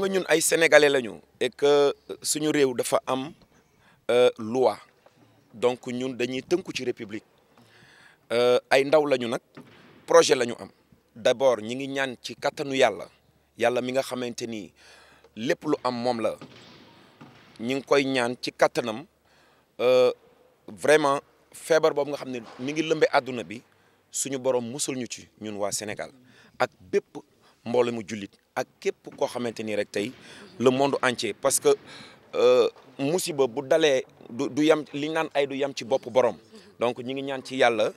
nga ñun ay sénégalais lañu et que euh, suñu réew dafa am euh, loi donc ñun dañuy tënku ci république euh, ay ndaw lañu nag projet lañu am d'abord ñi ngi ñaan ci kattanu yàlla yàlla mi nga xamante ni lépp lu am moom la ñi ngi koy ñaan ci kattanam vraiment feebar boobu nga xam ne mi ngi lëmbe àdduna bi suñu borom musul ñu ci ñun waa Sénégal ak bépp mbooloo mu jullit ak képp koo xamante ni rek tey le monde entier parce que euh, musiba bu dalee du du yam li naan ay du yam ci bopp borom donc ñi ngi ñaan ci yàlla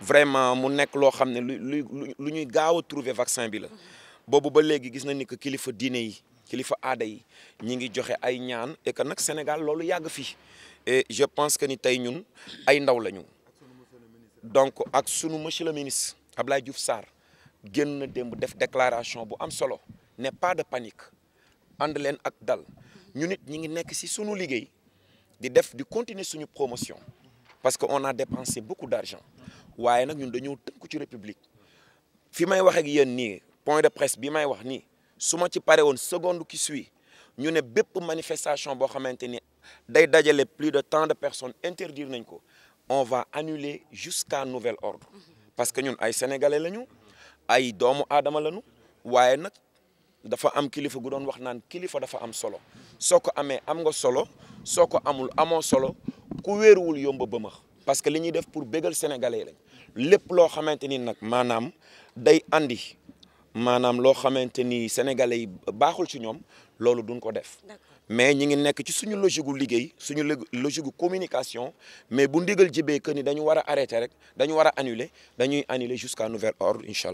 vraiment mu nekk loo xam ne lu lu lu ñuy gaaw a trouver vaccin bi la boobu ba léegi gis na ni que kilifa diine yi kilifa aada yi ñi ngi joxe ay ñaan et nag Sénégal loolu yàgg fii e je pense que ni tey ñun ay ndaw lañu donc ak sunu monsieur le ministre Abdoulaye Diouf Sarr génn na démb def déclaration bu am solo ne pas de panique ànd leen ak dal ñu nit ñi ngi nekk ci sunu liggéey di def di continuer suñu promotion parce que on a dépensé beaucoup d'argent waaye nag ñun dañoo tënku ci république fi may wax ak yéen nii point de presse bi may wax nii su ma ci pare woon seconde qui suit ñu ne bépp manifestation boo xamante ni day dajale plus de temps de personnes interdire nañ ko on va annuler jusqu'à nouvel ordre parce que ñun ay sénégalais lañu ay doomu aadama lañu waaye nag dafa am kilifa gu doon wax naan kilifa dafa am solo soo ko amee am nga solo soo ko amul amoo solo ku wéeruwul yomb ba max parce que li ñuy def pour bégal sénégalais lañ lépp loo xamante ni nag maanaam day andi maanaam loo xamante ni sénégalais yi baaxul ci ñoom loolu duñ ko def mais ñu ngi nekk ci suñu logique gu liggéey suñu logique gu communication mais bu ndigal jibee que ni dañu war a arrêter rek dañu war a annuler dañuy annuler jusqu'à nouvel ordre incha